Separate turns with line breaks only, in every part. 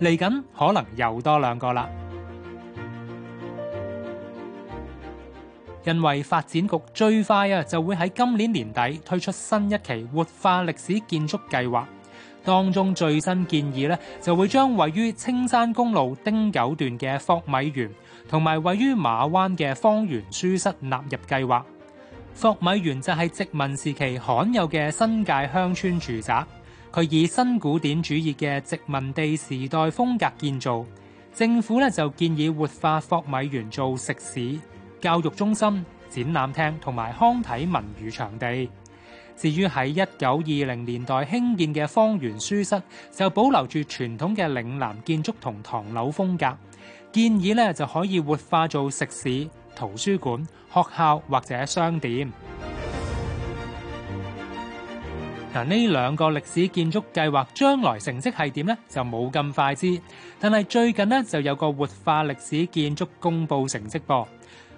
嚟緊可能又多兩個啦。因為發展局最快啊，就會喺今年年底推出新一期活化歷史建築計劃，當中最新建議咧，就會將位於青山公路汀九段嘅霍米園同埋位於馬灣嘅芳園書室納入計劃。霍米園就係殖民時期罕有嘅新界鄉村住宅。佢以新古典主義嘅殖民地時代風格建造，政府咧就建議活化霍米園做食肆、教育中心、展覽廳同埋康體文娛場地。至於喺一九二零年代興建嘅方圓書室，就保留住傳統嘅嶺南建築同唐樓風格，建議咧就可以活化做食肆、圖書館、學校或者商店。嗱，呢兩個歷史建築計劃將來成績係點呢？就冇咁快知。但係最近呢，就有個活化歷史建築公布成績噃，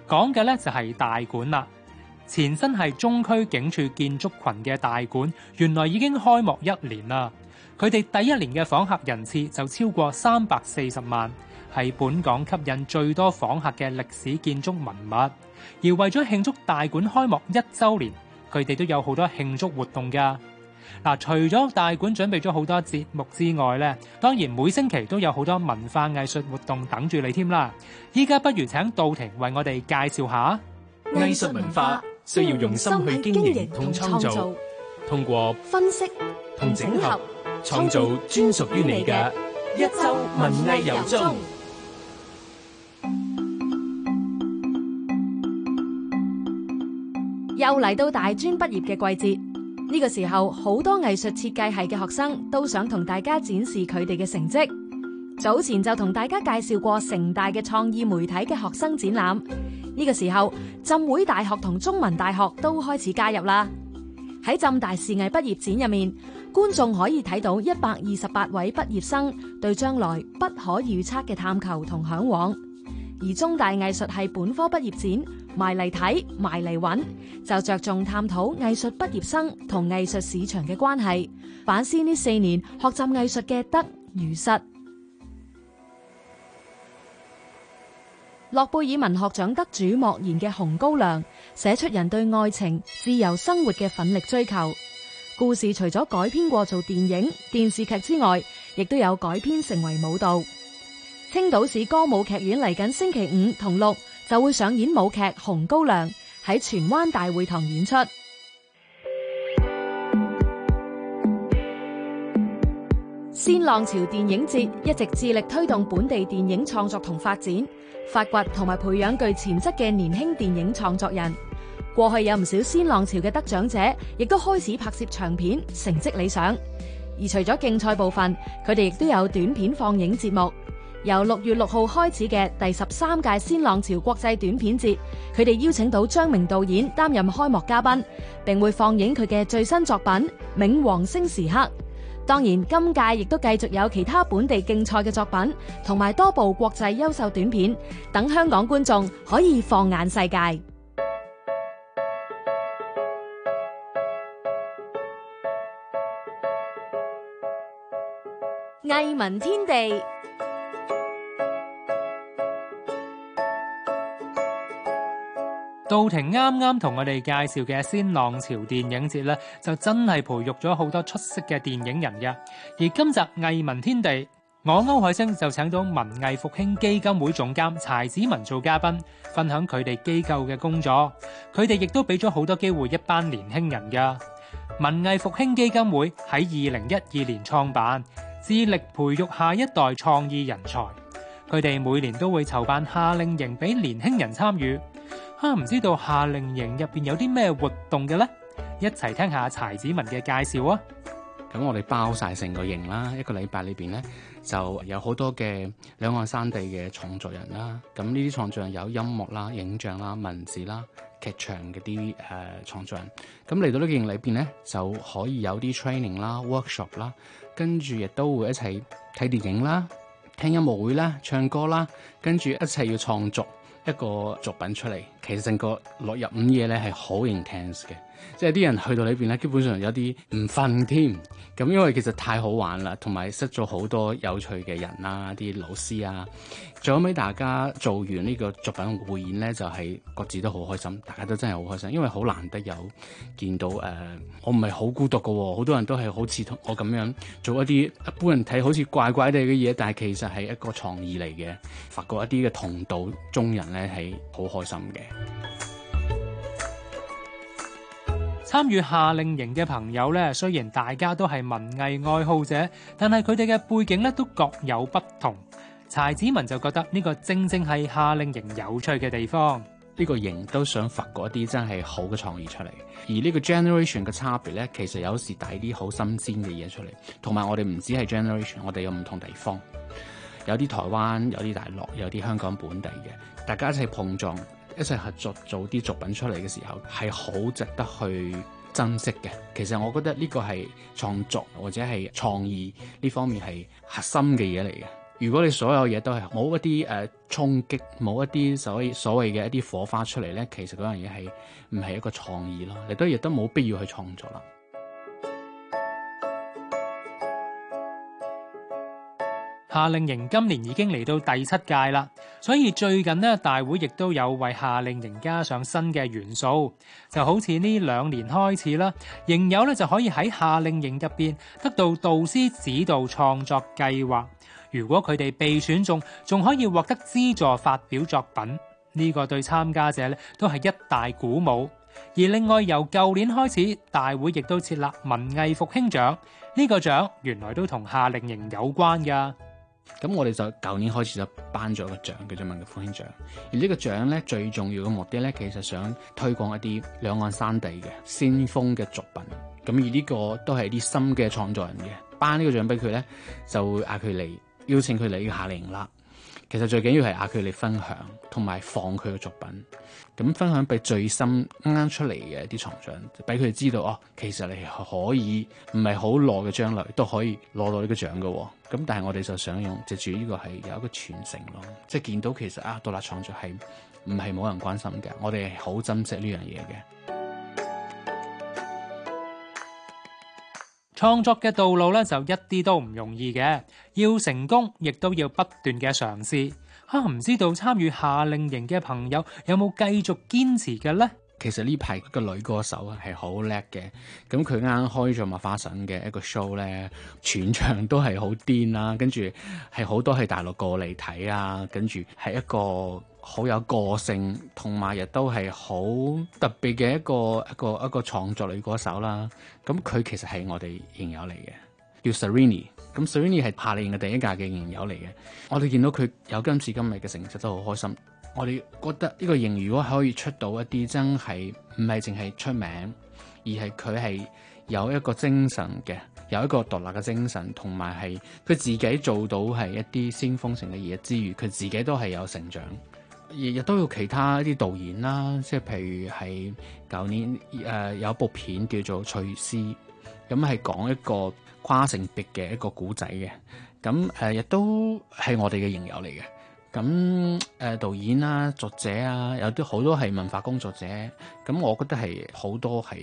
講嘅咧就係大館啦，前身係中區警署建築群嘅大館，原來已經開幕一年啦。佢哋第一年嘅訪客人次就超過三百四十萬，係本港吸引最多訪客嘅歷史建築文物。而為咗慶祝大館開幕一週年，佢哋都有好多慶祝活動噶。嗱，除咗大館準備咗好多節目之外咧，當然每星期都有好多文化藝術活動等住你添啦。依家不如請杜婷為我哋介紹一下
藝術，藝術文化，
需要用心去經營同創造，通過分析同整合，創造專屬於你嘅
一周文藝有終。
又嚟到大專畢業嘅季節。呢個時候，好多藝術設計系嘅學生都想同大家展示佢哋嘅成績。早前就同大家介紹過城大嘅創意媒體嘅學生展覽。呢、這個時候，浸會大學同中文大學都開始加入啦。喺浸大視藝畢業展入面，觀眾可以睇到一百二十八位畢業生對將來不可預測嘅探求同向往。而中大藝術系本科畢業展埋嚟睇，埋嚟揾，就着重探討藝術畢業生同藝術市場嘅關係，反思呢四年學習藝術嘅得與失。諾貝爾文學獎得主莫言嘅《紅高粱》，寫出人對愛情、自由生活嘅奮力追求。故事除咗改編過做電影、電視劇之外，亦都有改編成為舞蹈。青島市歌舞劇院嚟緊星期五同六。就會上演舞劇《紅高粱》，喺荃灣大會堂演出。 鮮浪潮電影節一直致力推動本地電影創作同發展，發掘同埋培養具潛質嘅年輕電影創作人。過去有唔少鮮浪潮嘅得獎者，亦都開始拍攝長片，成績理想。而除咗競賽部分，佢哋亦都有短片放映節目。由六月六號開始嘅第十三屆鮮浪潮國際短片節，佢哋邀請到張明導演擔任開幕嘉賓，並會放映佢嘅最新作品《冥王星時刻》。當然，今屆亦都繼續有其他本地競賽嘅作品，同埋多部國際優秀短片，等香港觀眾可以放眼世界。藝文天地。
到庭啱啱同我哋介紹嘅先浪潮電影節咧，就真係培育咗好多出色嘅電影人噶。而今集藝文天地，我區凱聲就請到文藝復興基金會總監柴子文做嘉賓，分享佢哋機構嘅工作。佢哋亦都俾咗好多機會一班年輕人噶。文藝復興基金會喺二零一二年創辦，致力培育下一代創意人才。佢哋每年都會籌辦夏令營俾年輕人參與。唔知道夏令營入邊有啲咩活動嘅咧？一齊聽下柴子文嘅介紹啊！
咁我哋包晒成個營啦，一個禮拜裏邊咧就有好多嘅兩岸三地嘅創作人啦。咁呢啲創作人有音樂啦、影像啦、文字啦、劇場嗰啲誒創作人。咁嚟到呢個營裏邊咧，就可以有啲 training 啦、workshop 啦，跟住亦都會一齊睇電影啦、聽音樂會啦、唱歌啦，跟住一齊要創作一個作品出嚟。其實成個六日五夜咧係好 intense 嘅，即係啲人去到裏面咧，基本上有啲唔瞓添。咁因為其實太好玩啦，同埋識咗好多有趣嘅人啦、啊，啲老師啊，最後尾大家做完呢個作品匯演咧，就係、是、各自都好開心，大家都真係好開心，因為好難得有見到誒、呃，我唔係好孤獨噶喎，好多人都係好似同我咁樣做一啲一般人睇好似怪怪哋嘅嘢，但係其實係一個創意嚟嘅，發覺一啲嘅同道中人咧係好開心嘅。
參與夏令營嘅朋友呢，雖然大家都係文藝愛好者，但係佢哋嘅背景呢都各有不同。柴子
文就覺得呢個正正係夏令營有趣嘅地方，呢個營都想發掘一啲真係好嘅創意出嚟。而呢個 generation 嘅差別呢，其實有時帶啲好新鮮嘅嘢出嚟。同埋我哋唔止係 generation，我哋有唔同地方，有啲台灣，有啲大陸，有啲香港本地嘅，大家一齊碰撞。一齊合作做啲作品出嚟嘅時候係好值得去珍惜嘅。其實我覺得呢個係創作或者係創意呢方面係核心嘅嘢嚟嘅。如果你所有嘢都係冇一啲誒衝擊，冇、呃、一啲所所謂嘅一啲火花出嚟咧，其實嗰樣嘢係唔係一個創意咯？你都亦都冇必要去創作啦。夏
令營今年已經嚟到第七屆啦，所以最近咧，大會亦都有為夏令營加上新嘅元素，就好似呢兩年開始啦，營友咧就可以喺夏令營入面得到導師指導創作計劃。如果佢哋被選中，仲可以獲得資助發表作品。呢個對參加者咧都係一大鼓舞。而另外由舊年開始，大會亦都設立文藝復興獎，
呢個獎原來都同夏令營有關㗎。咁我哋就舊年開始就頒咗個獎，叫做文藝復興獎。而個獎呢個獎咧最重要嘅目的咧，其實想推廣一啲兩岸三地嘅先鋒嘅作品。咁而呢個都係啲新嘅創作人嘅，頒呢個獎俾佢咧，就會嗌佢嚟，邀請佢嚟夏令營啦。其實最緊要係阿佢哋分享，同埋放佢嘅作品，咁分享俾最深啱出嚟嘅一啲創作，俾佢哋知道哦，其實你可以唔係好耐嘅將來都可以攞到呢個獎嘅，哦。咁但係我哋就想用，藉住呢個係有一個傳承咯，即係見到其實啊，獨立創作係唔係冇人關心嘅，我哋係好珍惜呢樣嘢嘅。創作
嘅道路呢，就一啲都唔容易嘅，要成功亦都要不斷嘅嘗試。
吓，唔知道參與夏令營嘅朋友有冇繼續堅持嘅呢？其實呢排個女歌手係好叻嘅，咁佢啱啱開咗麥花臣嘅一個 show 咧，全場都係好癲啦，跟住係好多係大陸過嚟睇啊，跟住係一個好有個性，同埋亦都係好特別嘅一個一個一個創作女歌手啦。咁佢其實係我哋營友嚟嘅，叫 Serrini。咁 Serrini 係下年嘅第一屆嘅營友嚟嘅，我哋見到佢有今時今日嘅成績都好開心。我哋覺得呢個型如果可以出到一啲真係唔係淨係出名，而係佢係有一個精神嘅，有一個獨立嘅精神，同埋係佢自己做到係一啲先鋒性嘅嘢之餘，佢自己都係有成長。亦亦都有其他一啲導演啦，即係譬如係舊年誒有一部片叫做《翠絲》，咁係講一個跨性別嘅一個古仔嘅，咁誒亦都係我哋嘅型友嚟嘅。咁誒、呃、導演啦、啊、作者啊，有啲好多係文化工作者，咁我覺得係好多係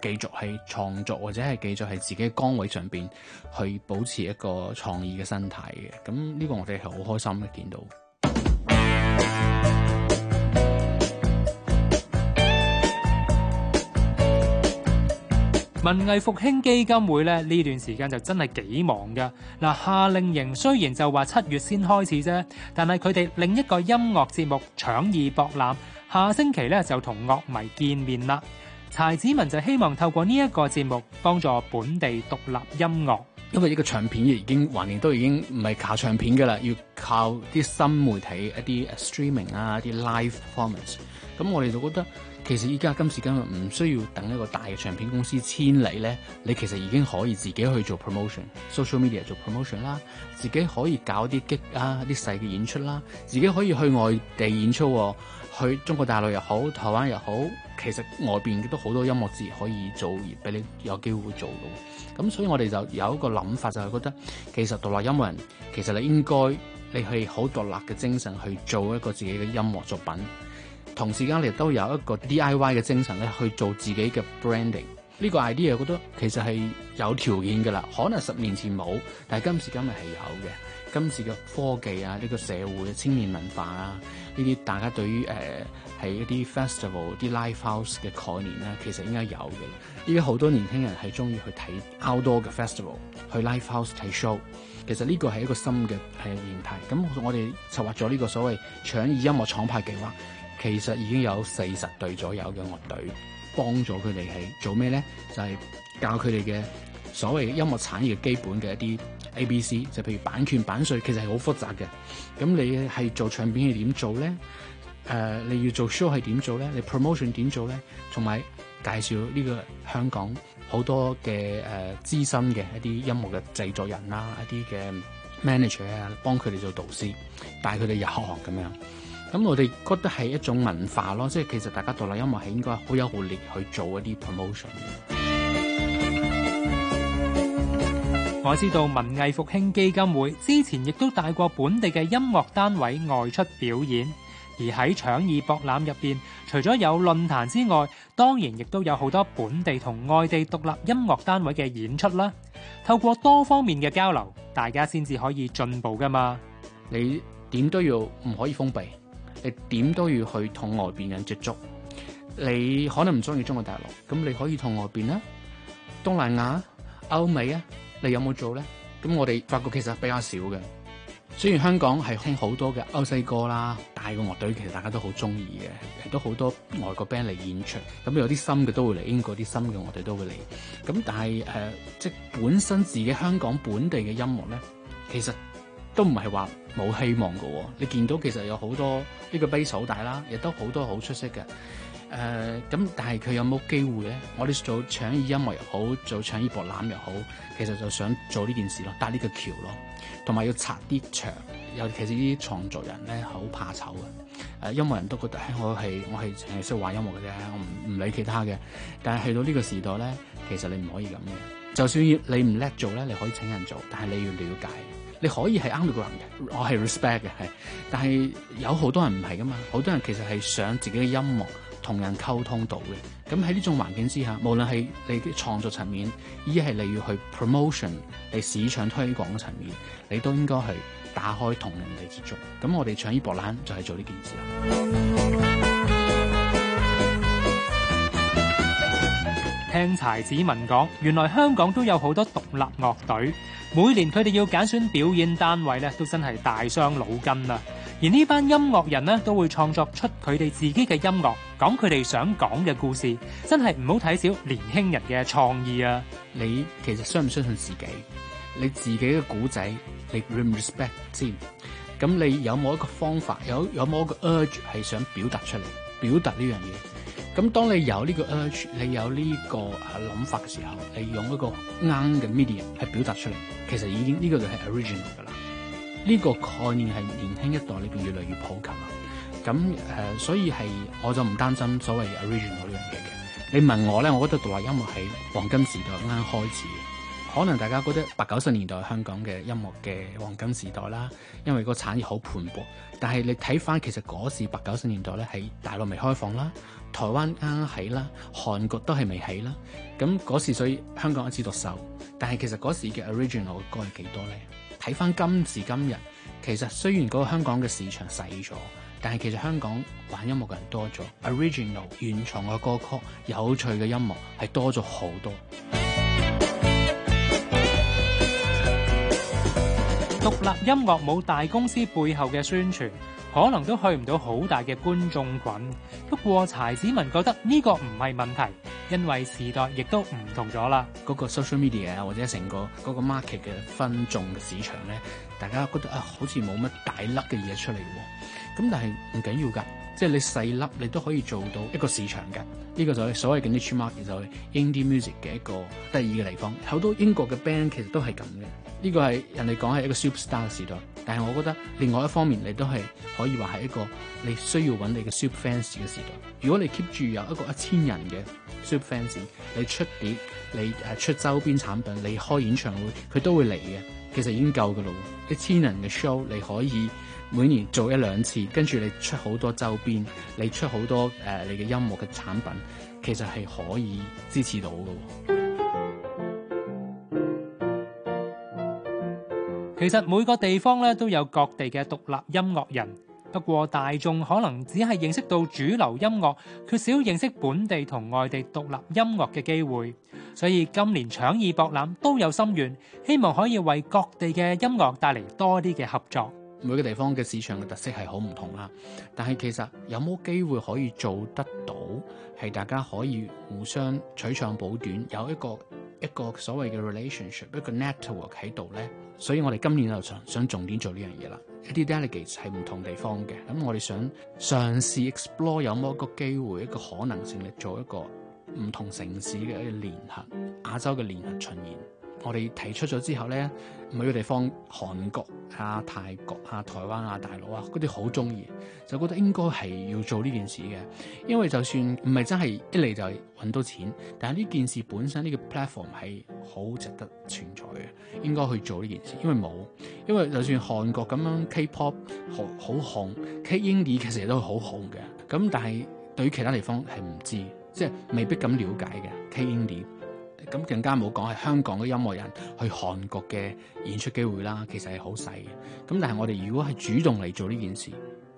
繼續喺創作，或者係繼續喺自己崗位上面去保持一個創意嘅心態嘅。咁呢個我哋係好開心嘅見到。
文藝復興基金會咧呢段時間就真係幾忙噶嗱，夏令營雖然就話七月先開始啫，但係佢哋另一個音樂節目《搶耳博覽》下星期咧就同樂迷見面啦。柴子文就希望透過呢一個節目幫助本地獨立
音樂，因為呢個唱片已經近年都已經唔係靠唱片噶啦，要靠啲新媒體一啲 streaming 啊，啲 live performance，咁我哋就覺得。其實依家今時今日唔需要等一個大嘅唱片公司千里呢，你其實已經可以自己去做 promotion，social media 做 promotion 啦，自己可以搞啲激啊啲細嘅演出啦，自己可以去外地演出，去中國大陸又好，台灣又好，其實外邊都好多音樂節可以做而俾你有機會做到。咁所以我哋就有一個諗法，就係覺得其實獨立音樂人其實你應該你係好獨立嘅精神去做一個自己嘅音樂作品。同時間，亦都有一個 D.I.Y. 嘅精神咧，去做自己嘅 branding。呢、這個 idea，我覺得其實係有條件㗎啦。可能十年前冇，但係今時今日係有嘅。今時嘅科技啊，呢、這個社會、青年文化啊，呢啲大家對於誒喺、呃、一啲 festival、啲 live house 嘅概念咧、啊，其實應該有嘅。依家好多年輕人係中意去睇 outdoor 嘅 festival，去 live house 睇 show。其實呢個係一個新嘅係形態。咁我哋策劃咗呢個所謂搶耳音樂廠牌計劃。其實已經有四十隊左右嘅樂隊，幫咗佢哋係做咩咧？就係、是、教佢哋嘅所謂音樂產業的基本嘅一啲 A、B、C，就譬如版權、版稅，其實係好複雜嘅。咁你係做唱片係點做咧？Uh, 你要做 show 係點做咧？你 promotion 點做咧？同埋介紹呢個香港好多嘅誒資深嘅一啲音樂嘅製作人啦、啊，一啲嘅 manager 啊，幫佢哋做導師，帶佢哋入行咁樣。咁我哋覺得係一種文化咯，即係其實大家獨立音樂係應該好有活力去做一啲 promotion。
我知道文藝復興基金會之前亦都帶過本地嘅音樂單位外出表演，而喺搶耳博覽入面，除咗有論壇之外，當然亦都有好多本地同外地獨立音樂單位嘅演出啦。透過多方面嘅交流，大家先至可以進步㗎嘛。你點
都要唔可以封閉。你點都要去同外邊人接觸，你可能唔中意中國大陸，咁你可以同外邊啦，東南亞、歐美啊，你有冇做咧？咁我哋發覺其實比較少嘅，雖然香港係興好多嘅歐西歌啦，大嘅樂隊其實大家都好中意嘅，都好多外國 band 嚟演出，咁有啲新嘅都會嚟，英國啲新嘅我哋都會嚟，咁但係、呃、即係本身自己香港本地嘅音樂咧，其實。都唔係話冇希望噶。你見到其實有好多呢、這個 base 好大啦，亦都好多好出色嘅。誒、呃、咁，但係佢有冇機會咧？我哋做搶耳音樂又好，做搶耳博覽又好，其實就想做呢件事咯，搭呢個橋咯，同埋要拆啲牆。尤其是呢啲創作人咧，好怕醜嘅誒。音樂人都覺得我係我係淨係識玩音樂嘅啫，我唔唔理其他嘅。但係去到呢個時代咧，其實你唔可以咁嘅。就算你唔叻做咧，你可以請人做，但係你要了解。你可以係 underground 嘅，我係 respect 嘅，但係有好多人唔係噶嘛，好多人其實係想自己嘅音樂同人溝通到嘅。咁喺呢種環境之下，無論係你嘅創作層面，亦係你要去 promotion，你市場推廣嘅層面，你都應該係打開同人哋接觸。咁我哋唱依博蘭就係做呢件事啦。
聽柴子文講，原來香港都有好多獨立樂隊。每年佢哋要揀選表演單位咧，都真係大傷腦筋啊。而呢班音樂人咧，都會創作出佢哋自己嘅音樂，講佢哋想講
嘅故事，真係唔好睇少年輕人嘅創意啊。你其實信唔相信自己？你自己嘅故仔，你 respect 添。咁你有冇一個方法？有有冇一個 urge 係想表達出嚟，表達呢樣嘢？咁，當你有呢個 urge，你有呢個誒諗法嘅時候，你用一個啱嘅 media 去表達出嚟，其實已經呢個就係 original 㗎啦。呢個概念係年輕一代呢邊越嚟越普及啦。咁誒、呃，所以係我就唔擔心所謂 original 呢樣嘢嘅。你問我咧，我覺得獨立音樂係黃金時代啱啱開始，可能大家覺得八九十年代香港嘅音樂嘅黃金時代啦，因為個產業好蓬勃。但係你睇翻其實嗰時八九十年代咧，喺大陸未開放啦。台灣啱啱起啦，韓國都係未起啦。咁嗰時所以香港一支獨秀，但係其實嗰時嘅 original 歌係幾多呢？睇翻今時今日，其實雖然嗰個香港嘅市場細咗，但係其實香港玩音樂嘅人多咗，original 原創嘅歌曲、有趣嘅音樂係多咗好多。獨立音
樂冇大公司背後嘅宣傳。可能都去唔到好大嘅觀眾群，不過柴子文覺得呢
個唔係問題，因為時代亦都唔同咗啦。嗰個 social media 或者成個嗰個 market 嘅分眾嘅市場咧，大家覺得啊，好似冇乜大粒嘅嘢出嚟喎。咁但係唔緊要㗎，即係你細粒你都可以做到一個市場㗎。呢個就係所謂嘅 niche market，就係 indie music 嘅一個得意嘅地方。好多英國嘅 band 其實都係咁嘅。呢個係人哋講係一個 super star 嘅時代，但係我覺得另外一方面你都係可以話係一個你需要揾你嘅 super fans 嘅時代。如果你 keep 住有一個一千人嘅 super fans，你出碟、你出周邊產品、你開演唱會，佢都會嚟嘅。其實已經夠㗎咯，一千人嘅 show 你可以每年做一兩次，跟住你出好多周邊，你出好多誒你嘅音樂嘅產品，其實係可以支持到㗎。
其實每個地方咧都有各地嘅獨立音樂人，不過大眾可能只係認識到主流音樂，缺少認識本地同外地獨立音樂嘅機會。所以今年搶耳博覽都有心
願，希望可以為各地嘅音樂帶嚟多啲嘅合作。每個地方嘅市場嘅特色係好唔同啦，但係其實有冇機會可以做得到，係大家可以互相取長補短，有一個。一個所謂嘅 relationship，一個 network 喺度咧，所以我哋今年就想重點做呢樣嘢啦。一啲 delegates 係唔同地方嘅，咁我哋想嘗試 explore 有冇一個機會，一個可能性嚟做一個唔同城市嘅一個聯合，亞洲嘅聯合巡演。我哋提出咗之後呢，每個地方，韓國啊、泰國啊、台灣啊、大陸啊，嗰啲好中意，就覺得應該係要做呢件事嘅。因為就算唔係真係一嚟就揾到錢，但係呢件事本身呢個 platform 係好值得存在嘅，應該去做呢件事。因為冇，因為就算韓國咁樣 K-pop 好好紅，K-Indie 其實都好紅嘅。咁但係對於其他地方係唔知，即係未必咁了解嘅 K-Indie。咁更加冇講係香港嘅音樂人去韓國嘅演出機會啦，其實係好細嘅。咁但係我哋如果係主動嚟做呢件事，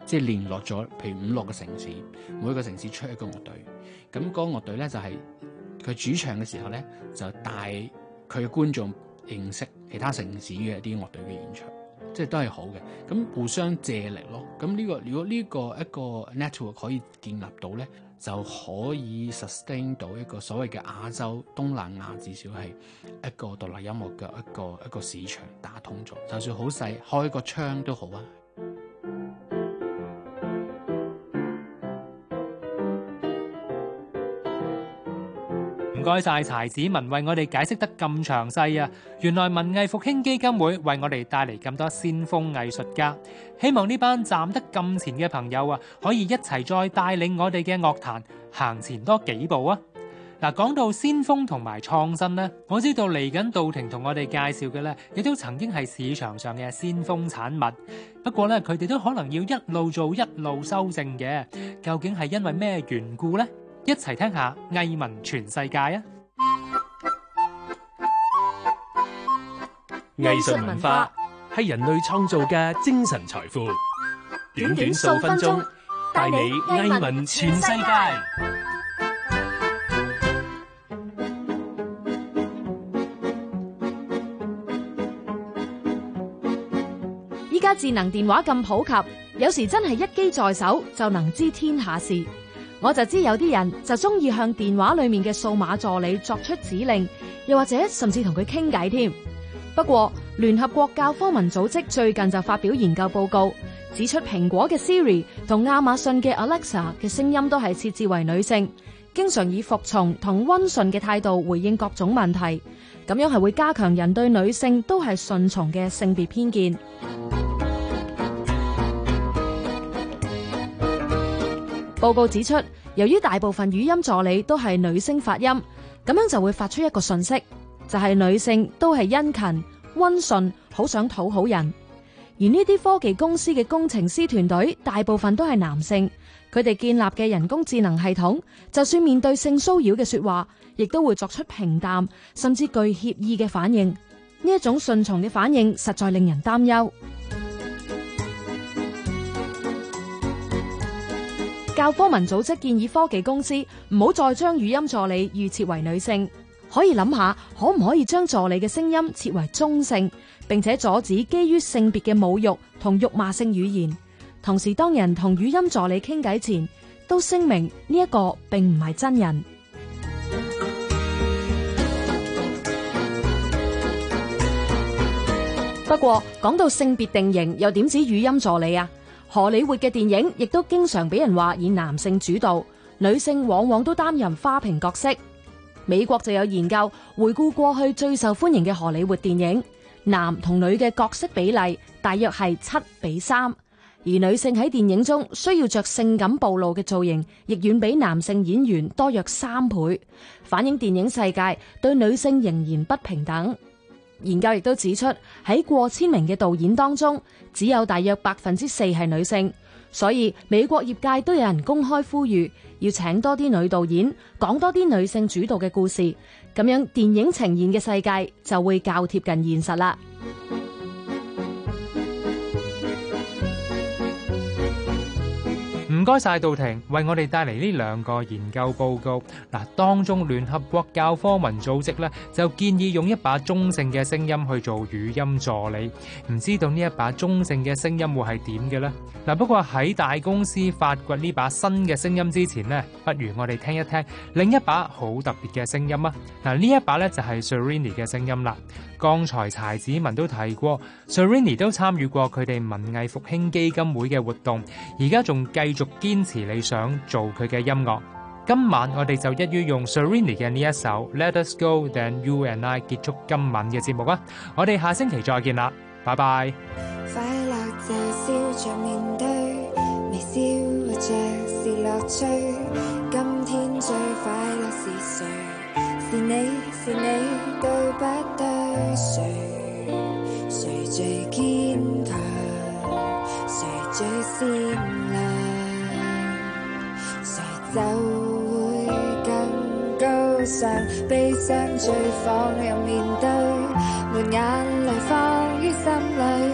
即係聯絡咗，譬如五六個城市，每一個城市出一個樂隊，咁、那、嗰個樂隊呢，就係、是、佢主唱嘅時候呢，就帶佢嘅觀眾認識其他城市嘅一啲樂隊嘅演出，即係都係好嘅。咁互相借力咯。咁呢、這個如果呢個一個 network 可以建立到呢。就可以 sustain 到一個所謂嘅亞洲東南亞至少係一個獨立音樂嘅一個一個市場打通咗，就算好細開個窗都好啊。
唔該曬柴子文為我哋解釋得咁詳細啊！原來文藝復興基金會為我哋帶嚟咁多先鋒藝術家，希望呢班站得咁前嘅朋友啊，可以一齊再帶領我哋嘅樂壇行前多幾步啊！嗱，講到先鋒同埋創新咧，我知道嚟緊道庭同我哋介紹嘅咧，亦都曾經係市場上嘅先鋒產物，不過咧佢哋都可能要一路做一路修正嘅，究竟係因為咩緣故咧？一齊聽下藝文全世界啊！
藝術文化
係人類創造嘅精神財富。短短數分鐘，帶你藝文全世
界。
依家智能電話咁普及，有時真係一機在手就能知天下事。我就知有啲人就中意向電話裏面嘅數碼助理作出指令，又或者甚至同佢傾偈添。不過，聯合國教科文組織最近就發表研究報告，指出蘋果嘅 Siri 同亞馬遜嘅 Alexa 嘅聲音都係設置為女性，經常以服從同温順嘅態度回應各種問題，咁樣係會加強人對女性都係順從嘅性別偏見。報告指出，由於大部分語音助理都係女性發音，咁樣就會發出一個訊息，就係、是、女性都係殷勤温順，好想討好人。而呢啲科技公司嘅工程師團隊大部分都係男性，佢哋建立嘅人工智能系統，就算面對性騷擾嘅說話，亦都會作出平淡甚至具歉意嘅反應。呢一種順從嘅反應實在令人擔憂。教科文組織建議科技公司唔好再將語音助理預設為女性，可以諗下可唔可以將助理嘅聲音設為中性，並且阻止基於性別嘅侮辱同辱罵性語言。同時，當人同語音助理傾偈前，都聲明呢一個並唔係真人。不過，講到性別定型，又點止語音助理啊？荷里活嘅電影亦都經常俾人話以男性主導，女性往往都擔任花瓶角色。美國就有研究回顧過去最受歡迎嘅荷里活電影，男同女嘅角色比例大約係七比三，而女性喺電影中需要着性感暴露嘅造型，亦遠比男性演員多約三倍，反映電影世界對女性仍然不平等。研究亦都指出，喺過千名嘅導演當中，只有大約百分之四係女性，所以美國業界都有人公開呼籲，要請多啲女導演，講多啲女性主導嘅故事，咁樣電影呈現嘅世界就會較貼近現實啦。
唔該晒杜婷為我哋帶嚟呢兩個研究報告嗱，當中聯合國教科文組織咧就建議用一把中性嘅聲音去做語音助理，唔知道呢一把中性嘅聲音會係點嘅咧嗱？不過喺大公司發掘呢把新嘅聲音之前咧，不如我哋聽一聽另一把好特別嘅聲音啊！嗱，呢一把咧就係 Serrini 嘅聲音啦。剛才柴子文都提過，Serrini 都參與過佢哋文藝復興基金會嘅活動，而家仲繼續。堅持理想做佢嘅音樂。今晚我哋就一於用 Serenity 嘅呢一首 Let Us Go Then You and I 結束今晚嘅節目啦。我哋下星期再見啦，拜
拜。就會更高尚，悲傷最放任面對，沒眼淚放於心裏。